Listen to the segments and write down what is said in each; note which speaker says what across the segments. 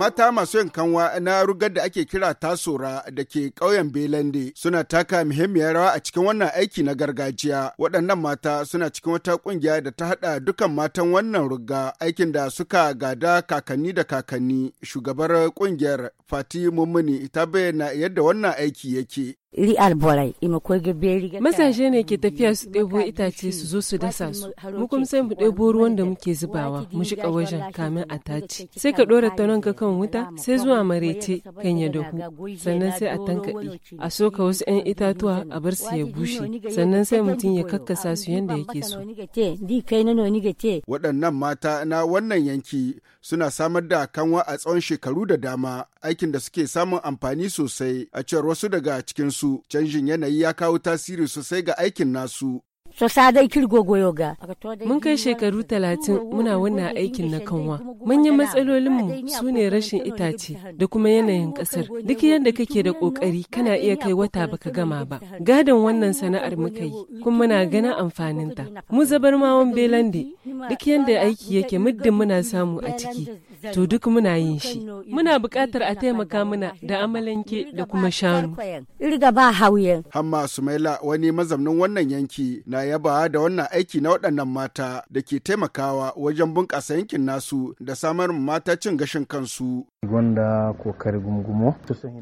Speaker 1: mata masu yin kanwa na rugar da ake kira tasora da ke ƙauyen belande suna taka muhimmiyar rawa a cikin wannan aiki na gargajiya waɗannan mata suna cikin wata ƙungiya da ta haɗa dukan matan wannan ruga aikin da suka gada kakanni da kakanni shugabar ƙungiyar fati mummuni ta bayyana yadda wannan aiki yake
Speaker 2: Mazaje ne ke tafiya su ɗebo itace su zo su dasa su, mu kuma sai mu ɗebo ruwan da muke zubawa mu shiga wajen kamin a tace. Sai ka ɗora tanon ka kan wuta sai zuwa marece kan ya dahu, sannan sai a tankaɗe. A soka wasu 'yan itatuwa a bar su ya bushe, sannan sai mutum ya kakkasa su yanda yake so.
Speaker 1: Waɗannan mata na wannan yanki suna samar da kanwa a tsawon shekaru da dama, aikin da suke samun amfani sosai a cewar wasu daga cikinsu. su canjin yanayi ya kawo tasiri sosai ga aikin nasu
Speaker 2: Mun kai shekaru talatin muna wannan aikin na kanwa. Manyan matsalolinmu su ne rashin itace da kuma yanayin ƙasar. Duk yadda kake da ƙoƙari kana iya kai wata baka gama ba. Gadon wannan sana'ar muka yi, kuma muna ganin amfaninta. Mu zabar mawon Belande, duk yadda aiki yake muddin muna
Speaker 1: samu a ciki. To duk muna yin shi.
Speaker 2: Muna buƙatar a taimaka mana da amalanke
Speaker 1: da kuma shanu. Hamma Sumaila wani mazamnin wannan yanki na Ya yaba da wannan aiki na waɗannan mata da ke taimakawa wajen bunƙasa yankin nasu da samar mata cin gashin kansu.
Speaker 3: gwanda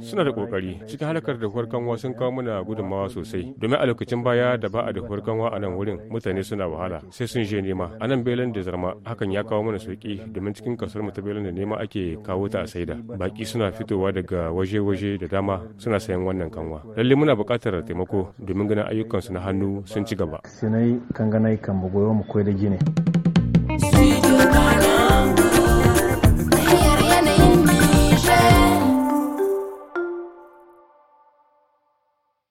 Speaker 3: Suna da kokari cikin halakar da kanwa sun kawo mana gudunmawa sosai domin a lokacin baya da ba a da kanwa a nan wurin mutane suna wahala sai sun je nema a nan belen da zarma hakan ya kawo mana sauki domin cikin kasar mu ta belen da nema ake kawo ta a saida baki suna fitowa daga waje-waje da dama suna sayan wannan kanwa lalle muna buƙatar taimako domin ganin ayyukan su na hannu sun ci gaba. Sinai kan ganai kan mu koyi da gine.